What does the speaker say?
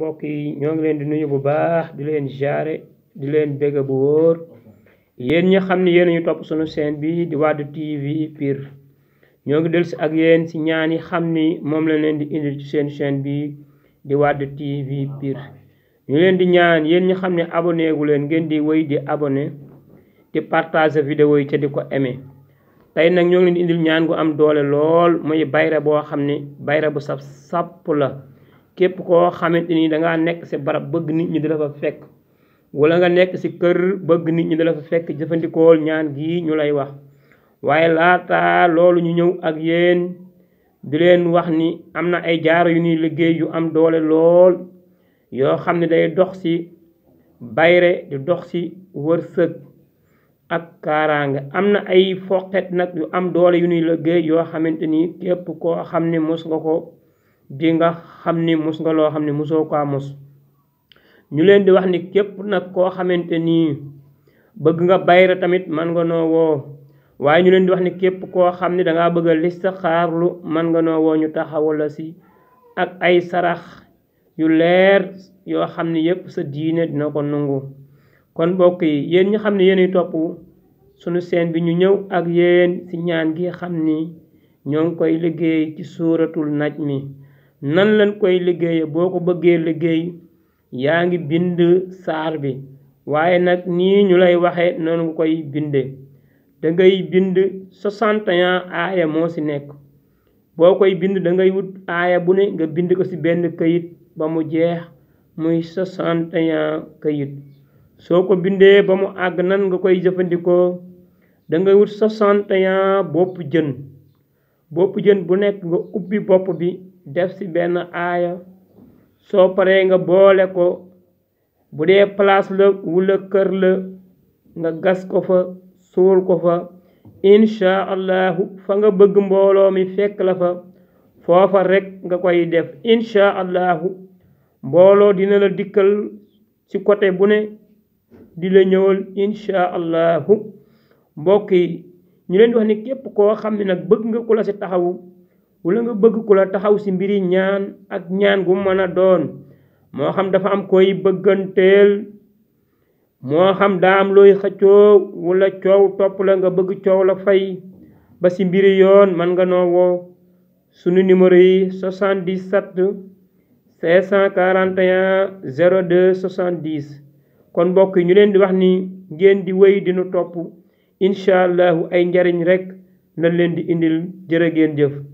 mbokk yi ñoo ngi leen di nuyu bu baax di leen jaare di leen bégg bu wóor yéen ñi xam ne yéen ñu topp sunu chaîne bi di Wade TV Pire ñoo ngi dellu si ak yéen si ñaan yi xam ni moom la leen di indil ci seen chaîne bi di Wade TV piir ñu leen di ñaan yéen ñi xam ni abonné gu leen ngeen di woy di abonné di partager video yi ca di ko aimé tey nag ñoo ngi leen di indil ñaan gu am doole lool muy bayra boo xam ne bayra bu saf sàpp la képp koo xamante danga nekk si barab bëgg nit ñi di fa fekk wala nga nekk si kër bëgg nit ñi di fa fekk jëfandikool ñaan gii ñu lay wax waaye laata loolu ñu ñëw ak yéen di leen wax ni am na ay jaaro yu ñuy liggéey yu am doole lool yoo xam ne day dox si bayre di dox si wërsëg ak kaaraange am na ay foqet nag yu am doole yu ñuy liggéey yoo xamante ni képp koo xam ne mos nga ko di nga xam ni mus nga loo xam ni musoo ko mus ñu leen di wax ni képp nag koo xamante nii bëgg nga bayra tamit man nga noo woo waaye ñu leen di wax ni képp koo xam ni dangaa bëgg a listixaarlu man nga noo woo ñu taxawal si ak ay sarax yu leer yoo xam ni yépp sa diine dina ko nangu kon mbokk yi yéen ñi xam ne yéenay topp sunu seen bi ñu ñëw ak yéen ci ñaan gi xam ni ñoo ngi koy liggéey ci suuratul naj mi nan lañ koy liggéeye boo ko bëggee liggéey yaa ngi bind saar bi waaye nag nii ñu lay waxe noonu nga koy binde dangay bind 61 aaya moo ci nekk boo koy bind dangay wut aaya bu ne nga bind ko ci benn këyit ba mu jeex muy 61 këyit soo ko bindee ba mu àgg nan nga koy jëfandikoo dangay wut 61 bopp jën bopp jën bu nekk nga ubbi bopp bi def si benn aaya soo paree nga boole ko bu dee place la wula kër la nga gas ko fa suul ko fa incha fa nga bëgg mbooloo mi fekk la fa foofa rekk nga koy def incha allahu mbooloo dina la dikkal ci côté bu ne di la ñëwal incha allahu mbokk yi ñu leen di wax ni képp koo xam ne nag bëgg nga ku la ci taxawu wala nga bëgg ku la taxaw ci mbiri ñaan ak ñaan gu mën a doon moo xam dafa am koy bëgganteel moo xam daa am looy xëccoo wala coow topp la nga bëgg coow la fay ba ci mbiri yoon mën nga noowoo woo sunu numéro yi 77 541 02 70 kon mbokk yi ñu leen di wax ni ngeen di wéy dinu topp incha allahu ay njariñ rekk na leen di indil jërë ngeen jëf